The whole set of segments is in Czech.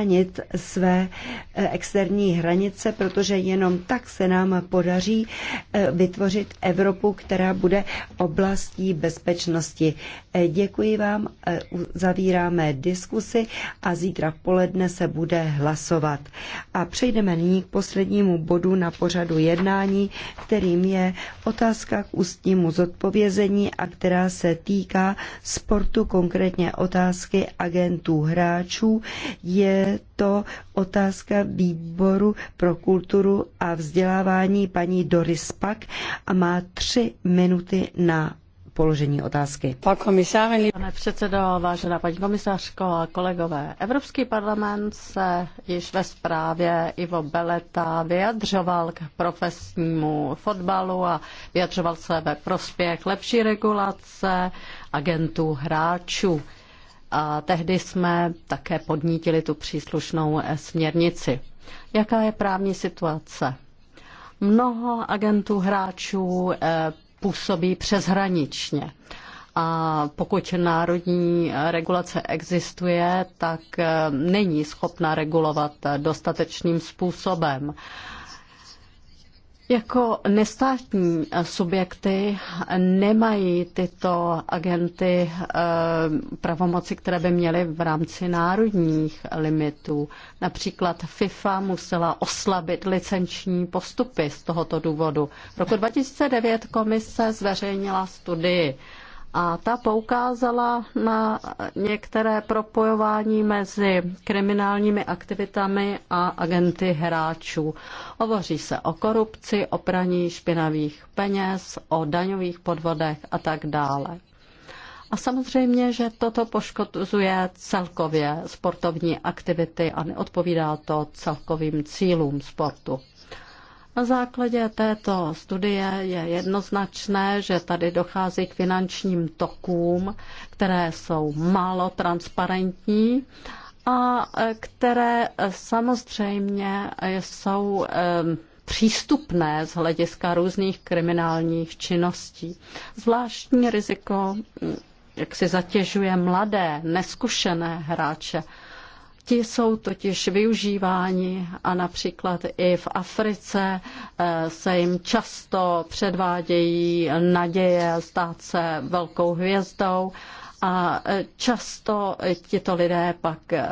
chránit své eh, externí hranice, protože jenom tak se nám podaří eh, vytvořit Evropu, která bude oblastí bezpečnosti. Eh, děkuji vám, zavíráme diskusy a zítra v poledne se bude hlasovat. A přejdeme nyní k poslednímu bodu na pořadu jednání, kterým je otázka k ústnímu zodpovězení a která se týká sportu, konkrétně otázky agentů hráčů. Je je to otázka výboru pro kulturu a vzdělávání paní Doris Pak a má tři minuty na položení otázky. Pane předsedo, vážená paní komisařko a kolegové, Evropský parlament se již ve zprávě Ivo Beleta vyjadřoval k profesnímu fotbalu a vyjadřoval se ve prospěch lepší regulace agentů hráčů a tehdy jsme také podnítili tu příslušnou eh, směrnici. Jaká je právní situace? Mnoho agentů hráčů eh, působí přeshraničně. A pokud národní eh, regulace existuje, tak není schopna regulovat dostatečným způsobem. Jako nestátní subjekty nemají tyto agenty eh, pravomoci, které by měly v rámci národních limitů. Například FIFA musela oslabit licenční postupy z tohoto důvodu. V roku 2009 komise zveřejnila studii a ta poukázala na některé propojování mezi kriminálními aktivitami a agenty hráčů. Hovoří se o korupci, o praní špinavých peněz, o daňových podvodech a tak dále. A samozřejmě, že toto poškozuje celkově sportovní aktivity a neodpovídá to celkovým cílům sportu. Na základě této studie je jednoznačné, že tady dochází k finančním tokům, které jsou málo transparentní a e, které samozřejmě jsou e, přístupné z hlediska různých kriminálních činností. Zvláštní riziko jak si zatěžuje mladé, neskušené hráče. Ti jsou totiž využíváni a například i v Africe eh, se jim často předvádějí naděje stát se velkou hvězdou a eh, často tito lidé pak eh,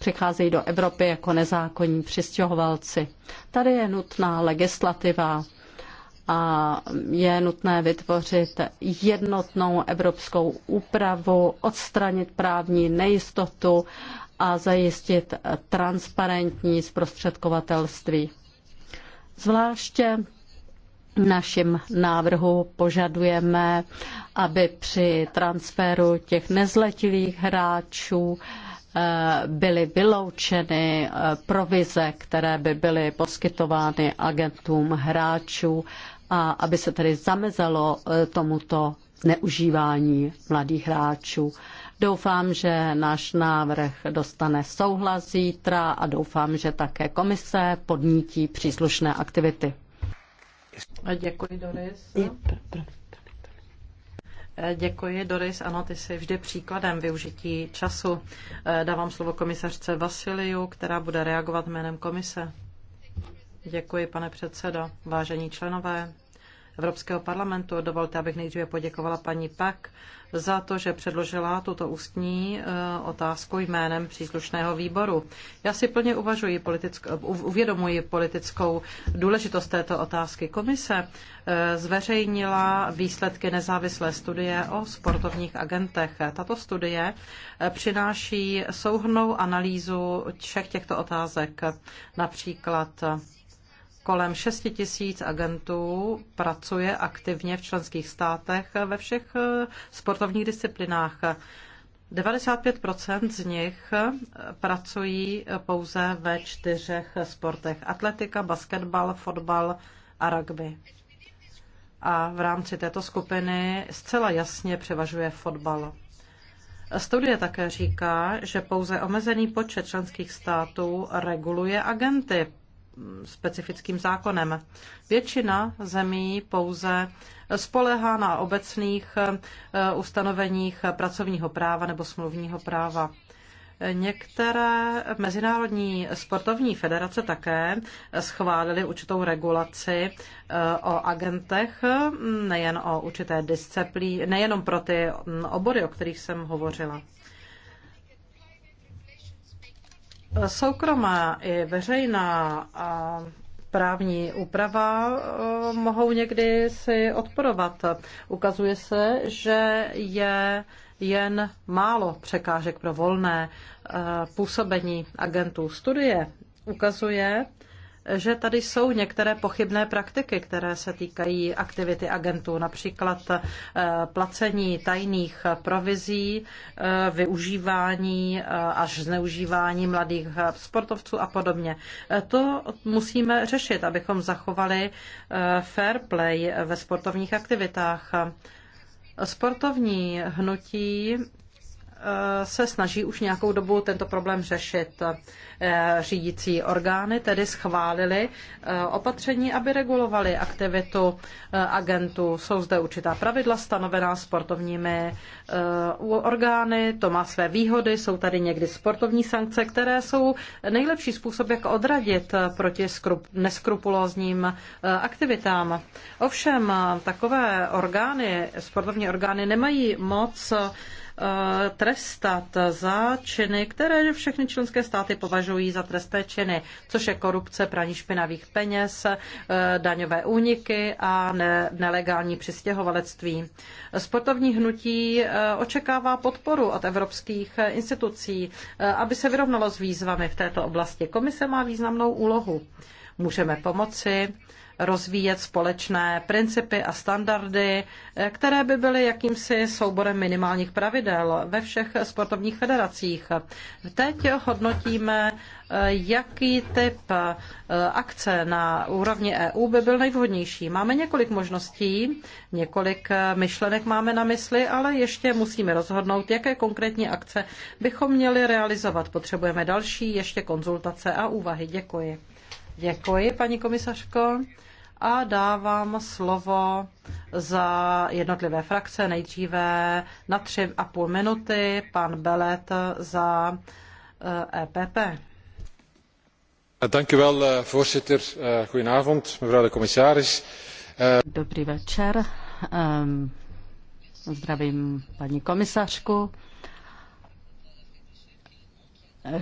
přicházejí do Evropy jako nezákonní přistěhovalci. Tady je nutná legislativa a je nutné vytvořit jednotnou evropskou úpravu, odstranit právní nejistotu a zajistit transparentní zprostředkovatelství. Zvláště v našem návrhu požadujeme, aby při transferu těch nezletilých hráčů eh, byly vyloučeny eh, provize, které by byly poskytovány agentům hráčů a aby se tedy zamezalo eh, tomuto neužívání mladých hráčů. Doufám, že náš návrh dostane souhlas zítra a doufám, že také komise podnítí příslušné aktivity. Děkuji, Doris. Eh, děkuji, Doris. Ano, ty jsi vždy příkladem využití času. Eh, dávám slovo komisařce Vasiliu, která bude reagovat jménem komise. Děkuji, pane předsedo. Vážení členové, Evropského parlamentu. Dovolte, abych nejdříve poděkovala paní Pak za to, že předložila tuto ústní eh, otázku jménem příslušného výboru. Já si plně uvažuji politick- eh, uvědomuji politickou důležitost této otázky. Komise eh, zveřejnila výsledky nezávislé studie o sportovních agentech. Tato studie přináší souhrnou analýzu všech těchto otázek, například kolem 6 tisíc agentů pracuje aktivně v členských státech ve všech eh, sportovních disciplinách. 95 z nich eh, pracují pouze ve čtyřech sportech. Atletika, basketbal, fotbal a rugby. A v rámci této skupiny zcela jasně převažuje fotbal. Studie také říká, že pouze omezený počet členských států reguluje agenty specifickým zákonem. Většina zemí pouze spolehá na obecných eh, ustanoveních pracovního práva nebo smluvního práva. Některé mezinárodní sportovní federace také schválily určitou regulaci eh, o agentech, mm, nejen o určité disciplí, nejenom pro ty mm, obory, o kterých jsem hovořila. Soukromá i veřejná právní úprava eh, mohou někdy si odporovat. Ukazuje se, že je jen málo překážek pro volné eh, působení agentů. Studie ukazuje, že tady jsou některé pochybné praktiky, které se týkají aktivity agentů, například eh, placení tajných provizí, eh, využívání eh, až zneužívání mladých sportovců a podobně. To musíme řešit, abychom zachovali fair play ve sportovních aktivitách. Sportovní hnutí Eh, se snaží už nějakou dobu tento problém řešit. Eh, řídící orgány tedy schválili eh, opatření, aby regulovali aktivitu agentů. Jsou zde určitá pravidla stanovená sportovními orgány, to má své výhody, jsou tady někdy sportovní sankce, které jsou nejlepší způsob, jak odradit proti neskrupulózním aktivitám. Ovšem, takové orgány, sportovní orgány nemají moc Eh, trestat za činy, které všechny členské státy považují za trestné činy, což je korupce, praní špinavých peněz, eh, daňové úniky a ne, nelegální přistěhovalectví. Sportovní hnutí eh, očekává podporu od evropských institucí, aby se vyrovnalo s výzvami v této oblasti. Komise má významnou úlohu. Můžeme pomoci rozvíjet společné principy a standardy, eh, které by byly jakýmsi souborem minimálních pravidel ve všech sportovních federacích. Teď hodnotíme, eh, jaký typ eh, akce na úrovni EU by byl nejvhodnější. Máme několik možností, několik myšlenek máme na mysli, ale ještě musíme rozhodnout, jaké konkrétní akce bychom měli realizovat. Potřebujeme další ještě konzultace a úvahy. Děkuji. Děkuji, paní komisařko. A dávám slovo za jednotlivé frakce nejdříve na tři a půl minuty pan Belet za EPP. Eh, e eh, dank u wel, eh, voorzitter. Goedenavond, mevrouw de commissaris. Dobrý večer. Ehm, zdravím paní komisařku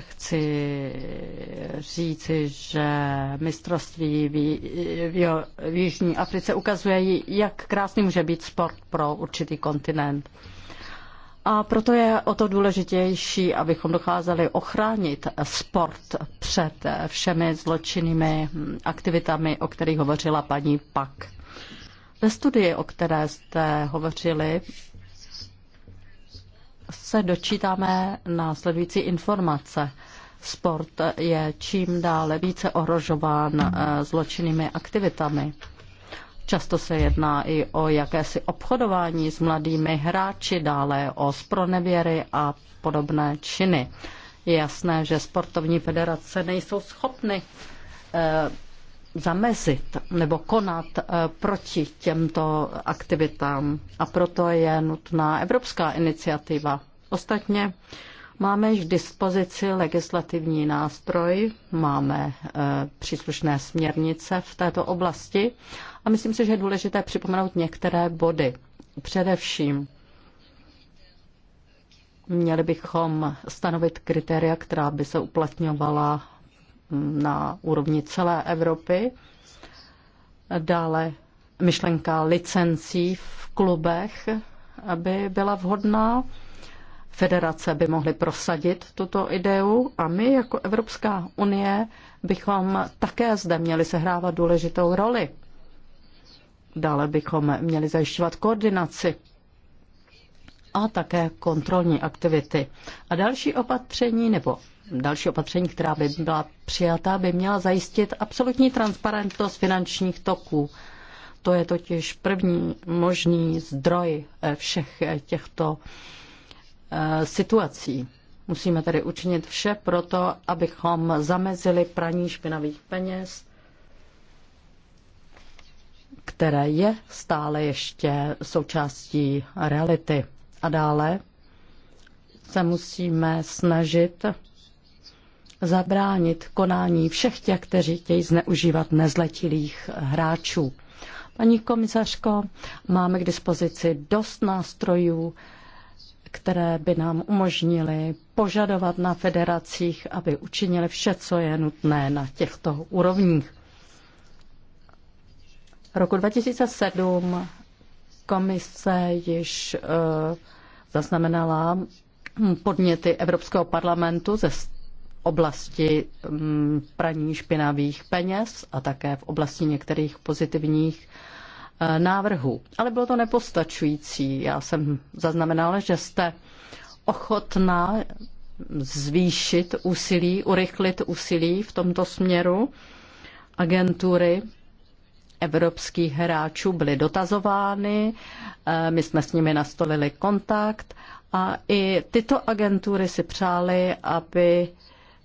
chci říci, že mistrovství v, v Jižní Africe ukazuje, jak krásný může být sport pro určitý kontinent. A proto je o to důležitější, abychom dokázali ochránit sport před všemi zločinnými aktivitami, o kterých hovořila paní Pak. Ve studii, o které jste hovořili, se dočítáme následující informace. Sport je čím dále více ohrožován eh, zločinnými aktivitami. Často se jedná i o jakési obchodování s mladými hráči, dále o spronevěry a podobné činy. Je jasné, že sportovní federace nejsou schopny eh, zamezit nebo konat eh, proti těmto aktivitám. A proto je nutná evropská iniciativa. Ostatně máme již k dispozici legislativní nástroj, máme eh, příslušné směrnice v této oblasti a myslím si, že je důležité připomenout některé body. Především měli bychom stanovit kritéria, která by se uplatňovala na úrovni celé Evropy. Dále myšlenka licencí v klubech by byla vhodná. Federace by mohly prosadit tuto ideu a my jako Evropská unie bychom také zde měli sehrávat důležitou roli. Dále bychom měli zajišťovat koordinaci a také kontrolní aktivity. A další opatření nebo další opatření, která by byla přijata, by měla zajistit absolutní transparentnost finančních toků. To je totiž první možný zdroj eh, všech eh, těchto eh, situací. Musíme tedy učinit vše pro to, abychom zamezili praní špinavých peněz, které je stále ještě součástí reality. A dále se musíme snažit zabránit konání všech těch, kteří chtějí zneužívat nezletilých hráčů. Paní komisařko, máme k dispozici dost nástrojů, které by nám umožnily požadovat na federacích, aby učinili vše, co je nutné na těchto úrovních. Roku 2007 Komise již eh, zaznamenala hm, podněty Evropského parlamentu ze oblasti hm, praní špinavých peněz a také v oblasti některých pozitivních eh, návrhů. Ale bylo to nepostačující. Já jsem zaznamenala, že jste ochotná zvýšit úsilí, urychlit úsilí v tomto směru agentury evropských hráčů byly dotazovány, eh, my jsme s nimi nastolili kontakt a i tyto agentury si přáli, aby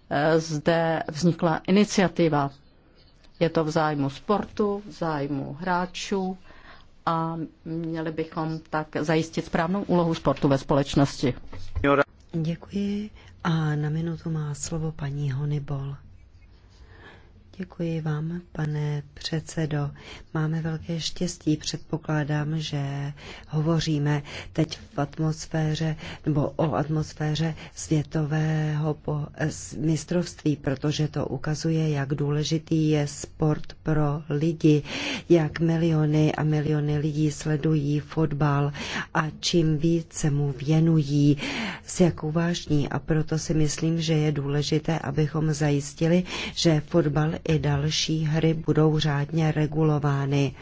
eh, zde vznikla iniciativa. Je to v zájmu sportu, v zájmu hráčů a měli bychom tak zajistit správnou úlohu sportu ve společnosti. Děkuji a na minutu má slovo paní Honibol. Děkuji vám, pane předsedo. Máme velké štěstí. Předpokládám, že hovoříme teď v atmosféře nebo o atmosféře světového mistrovství, protože to ukazuje, jak důležitý je sport pro lidi, jak miliony a miliony lidí sledují fotbal a čím více mu věnují, s jakou vážní. A proto si myslím, že je důležité, abychom zajistili, že fotbal i další hry budou řádně regulovány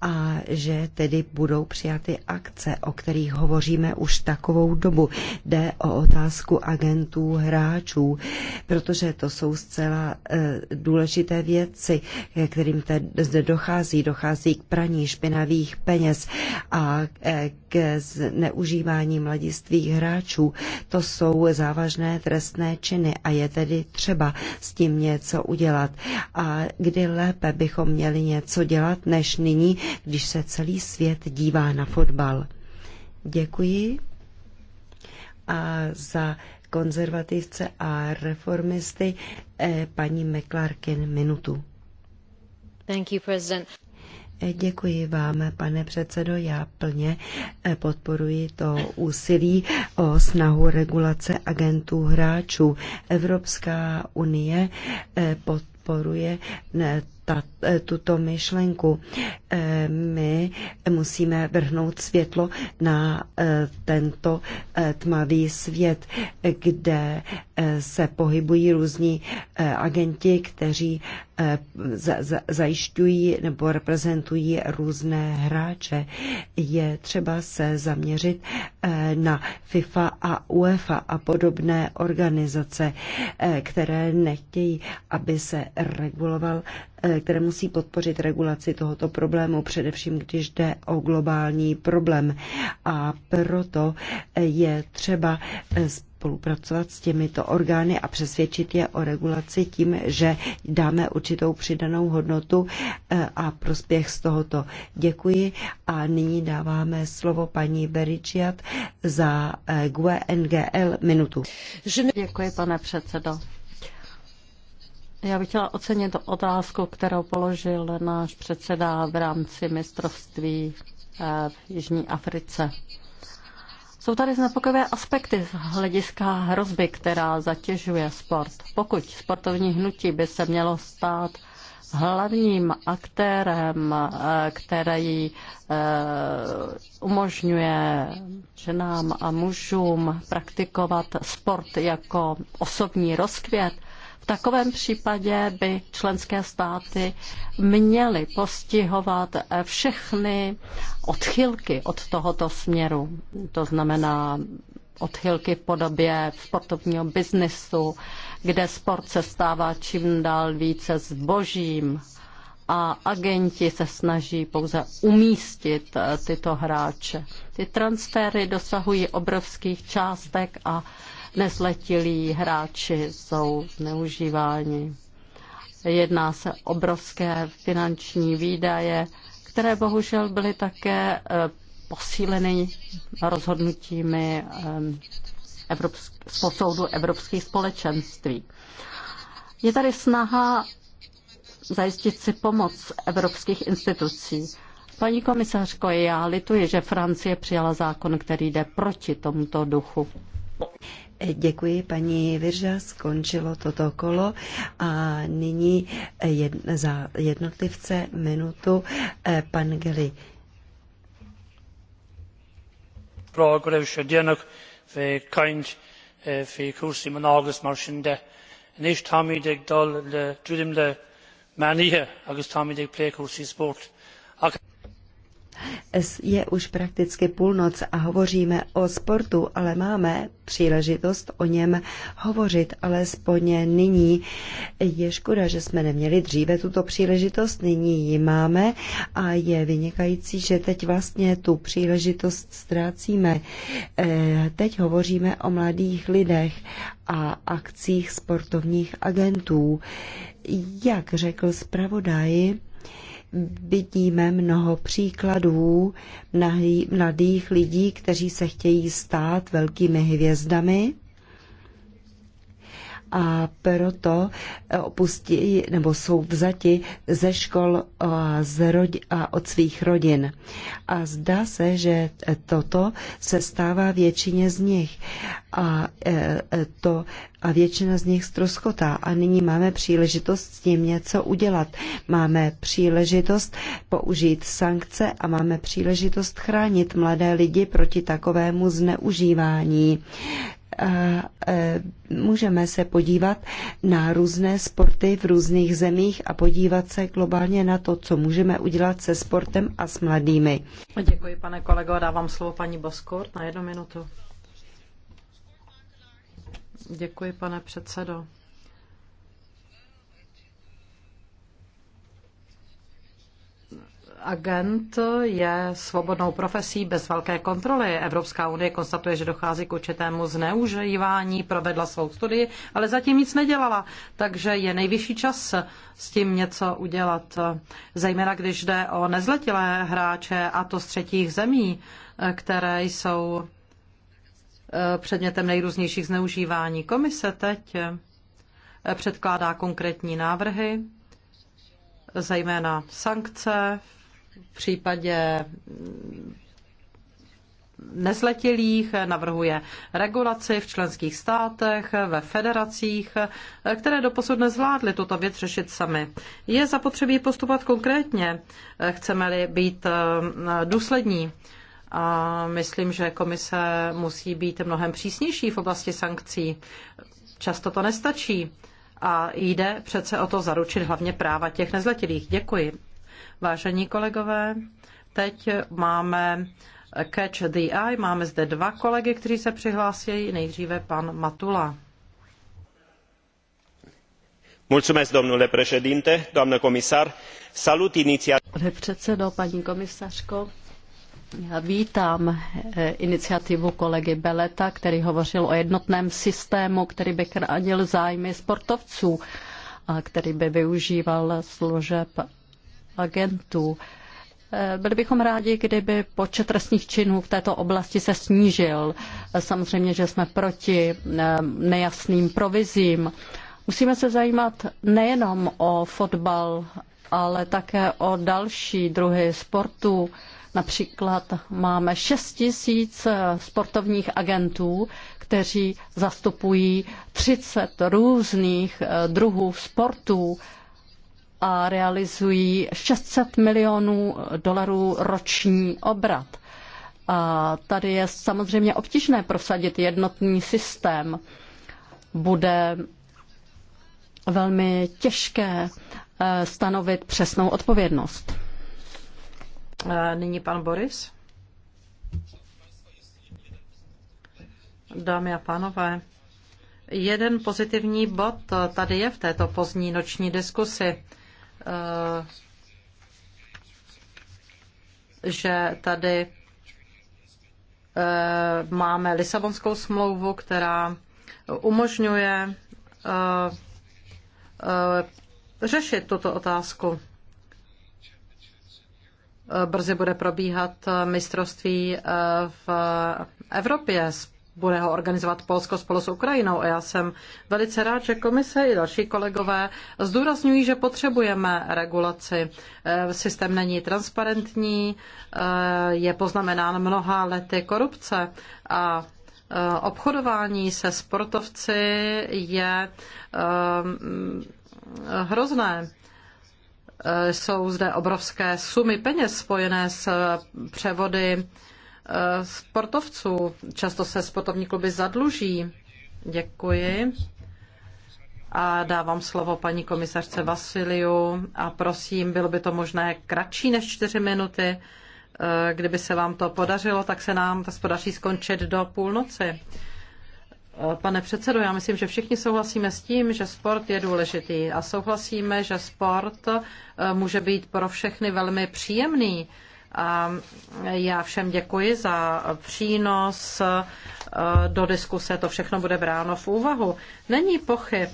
a že tedy budou přijaty akce, o kterých hovoříme už takovou dobu. Jde o otázku agentů hráčů, protože to jsou zcela e, důležité věci, kterým te, zde dochází. Dochází k praní špinavých peněz a e, k zneužívání mladistvých hráčů. To jsou závažné trestné činy a je tedy třeba s tím něco udělat a kdy lépe bychom měli něco dělat, než nyní, když se celý svět dívá na fotbal. Děkuji. A za konzervativce a reformisty eh, paní McClarkin minutu. Thank you, President. Eh, děkuji vám, pane předsedo. Já plně eh, podporuji to úsilí o snahu regulace agentů hráčů. Evropská unie pod podporuje ta, eh, tuto myšlenku. Eh, my musíme vrhnout světlo na eh, tento tmavý svět, kde se pohybují různí agenti, kteří zajišťují nebo reprezentují různé hráče. Je třeba se zaměřit na FIFA a UEFA a podobné organizace, které nechtějí, aby se reguloval Eh, které musí podpořit regulaci tohoto problému, především když jde o globální problém. A proto eh, je třeba eh, spolupracovat s těmito orgány a přesvědčit je o regulaci tím, že dáme určitou přidanou hodnotu a prospěch z tohoto. Děkuji a nyní dáváme slovo paní Beričiat za GUE NGL minutu. Děkuji, pane předsedo. Já bych chtěla ocenit otázku, kterou položil náš předseda v rámci mistrovství eh, v Jižní Africe. Jsou tady znepokojivé aspekty z hlediska hrozby, která zatěžuje sport. Pokud sportovní hnutí by se mělo stát hlavním aktérem, eh, který eh, umožňuje ženám a mužům praktikovat sport jako osobní rozkvět, takovém případě by členské státy měly postihovat všechny odchylky od tohoto směru. To znamená odchylky v podobě sportovního biznesu, kde sport se stává čím dál více zbožím a agenti se snaží pouze umístit eh, tyto hráče. Ty transfery dosahují obrovských částek a nezletilí hráči jsou zneužíváni. Jedná se obrovské finanční výdaje, které bohužel byly také eh, posíleny rozhodnutími eh, Evropsk- posoudu Evropských společenství. Je tady snaha zajistit si pomoc evropských institucí. Paní komisařko, já lituji, že Francie přijala zákon, který jde proti tomuto duchu. Děkuji, paní Virža, skončilo toto kolo a nyní eh, jedn, za jednotlivce minutu eh, pan Geli. Níž támídig dal le, tudim le, maníhe, sport. Je už prakticky půlnoc a hovoříme o sportu, ale máme příležitost o něm hovořit, alespoň nyní. Je škoda, že jsme neměli dříve tuto příležitost, nyní ji máme a je vynikající, že teď vlastně tu příležitost ztrácíme. Eh, teď hovoříme o mladých lidech a akcích sportovních agentů. Jak řekl zpravodaj, Vidíme mnoho příkladů mladých lidí, kteří se chtějí stát velkými hvězdami a proto eh, opustí nebo jsou vzati ze škol a, eh, z rodi, a od svých rodin. A zdá se, že eh, toto se stává většině z nich a, to, a většina z nich stroskotá. A nyní máme příležitost s tím něco udělat. Máme příležitost použít sankce a máme příležitost chránit mladé lidi proti takovému zneužívání E, můžeme se podívat na různé sporty v různých zemích a podívat se globálně na to, co můžeme udělat se sportem a s mladými. Děkuji, pane kolego. Dávám slovo paní Boskort na jednu minutu. Děkuji, pane předsedo. agent je svobodnou profesí bez velké kontroly. Evropská unie konstatuje, že dochází k určitému zneužívání, provedla svou studii, ale zatím nic nedělala. Takže je nejvyšší čas s tím něco udělat, zejména když jde o nezletilé hráče a to z třetích zemí, které jsou eh, předmětem nejrůznějších zneužívání. Komise teď eh, předkládá konkrétní návrhy, zejména sankce v případě nezletilých, navrhuje regulaci v členských státech, ve federacích, které doposud nezvládly tuto věc řešit sami. Je zapotřebí postupovat konkrétně, chceme-li být eh, důslední. A myslím, že komise musí být mnohem přísnější v oblasti sankcí. Často to nestačí. A jde přece o to zaručit hlavně práva těch nezletilých. Děkuji. Vážení kolegové, teď máme Catch the Eye. Máme zde dva kolegy, kteří se přihlásí. Nejdříve pan Matula. Mulțumesc, domnule președinte, doamnă comisar. Salut inițiativa. Pane předsedo, paní komisařko, já vítám eh, iniciativu kolegy Beleta, který hovořil o jednotném systému, který by chránil zájmy sportovců a který by využíval služeb agentů. Eh, byli bychom rádi, kdyby počet trestných činů v této oblasti se snížil. Eh, samozřejmě, že jsme proti eh, nejasným provizím. Musíme se zajímat nejenom o fotbal, ale také o další druhy sportu. Například máme 6 tisíc sportovních agentů, kteří zastupují 30 různých druhů sportů a realizují 600 milionů dolarů roční obrat. A tady je samozřejmě obtížné prosadit jednotný systém. Bude velmi těžké eh, stanovit přesnou odpovědnost. Eh, nyní pan Boris. Dámy a pánové, jeden pozitivní bod tady je v této pozdní noční diskusi. Eh, že tady eh, máme Lisabonskou smlouvu, která umožňuje eh, řešit tuto otázku. Brzy bude probíhat mistrovství v Evropě bude ho organizovat Polsko spolu s Ukrajinou. A já jsem velice rád, že komise i další kolegové zdůrazňují, že potřebujeme regulaci. Eh, systém není transparentní, eh, je poznamenán mnoha lety korupce a eh, obchodování se sportovci je hrozné jsou zde obrovské sumy peněz spojené s převody Eh, sportovců. Často se sportovní kluby zadluží. Děkuji. A dávám slovo paní komisařce Vasiliu a prosím, bylo by to možné kratší než čtyři minuty. Eh, kdyby se vám to podařilo, tak se nám to podaří skončit do půlnoci. Eh, pane předsedo, já myslím, že všichni souhlasíme s tím, že sport je důležitý a souhlasíme, že sport může být pro všechny velmi příjemný a já všem děkuji za přínos eh, do diskuse. To všechno bude bráno v úvahu. Není pochyb,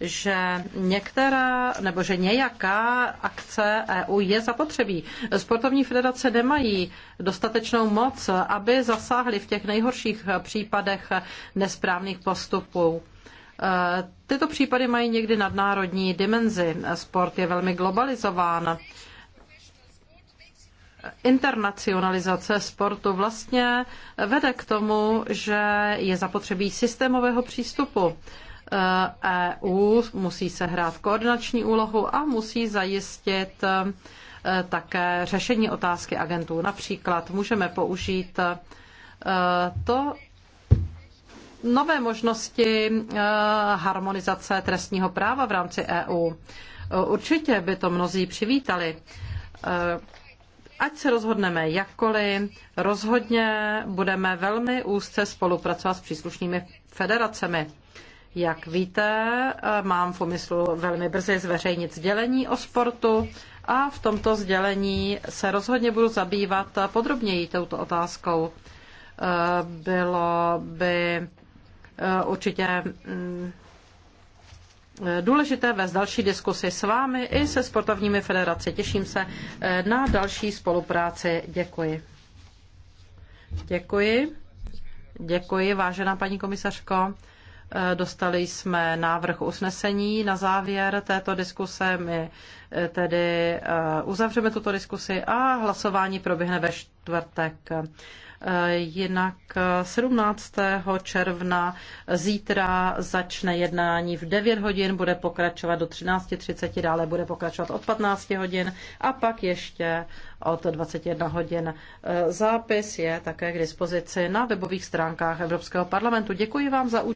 že některá nebo že nějaká akce EU je zapotřebí. Sportovní federace nemají dostatečnou moc, aby zasáhly v těch nejhorších případech nesprávných postupů. Eh, tyto případy mají někdy nadnárodní dimenzi. Sport je velmi globalizován internacionalizace sportu vlastně vede k tomu, že je zapotřebí systémového přístupu. EU e musí se hrát koordinační úlohu a musí zajistit e, také řešení otázky agentů. Například můžeme použít e, to nové možnosti harmonizace trestního práva v rámci EU. Určitě by to mnozí přivítali Ať se rozhodneme jakkoliv, rozhodně budeme velmi úzce spolupracovat s příslušnými federacemi. Jak víte, mám v úmyslu velmi brzy zveřejnit sdělení o sportu a v tomto sdělení se rozhodně budu zabývat podrobněji touto otázkou. Eh, bylo by eh, určitě mm, Eh, důležité vést další diskusy s vámi i se sportovními federaci. Těším se eh, na další spolupráci. Děkuji. Děkuji. Děkuji, vážená paní komisařko. Eh, dostali jsme návrh usnesení na závěr této diskuse. My tedy uzavřeme tuto diskusi a hlasování proběhne ve čtvrtek. Eh, jinak 17. Eh, června zítra začne jednání v 9 hodin, bude pokračovat do 13.30, dále bude pokračovat od 15 hodin a pak ještě od 21 hodin. Eh, zápis je také k dispozici na webových stránkách Evropského parlamentu. Děkuji vám za účast.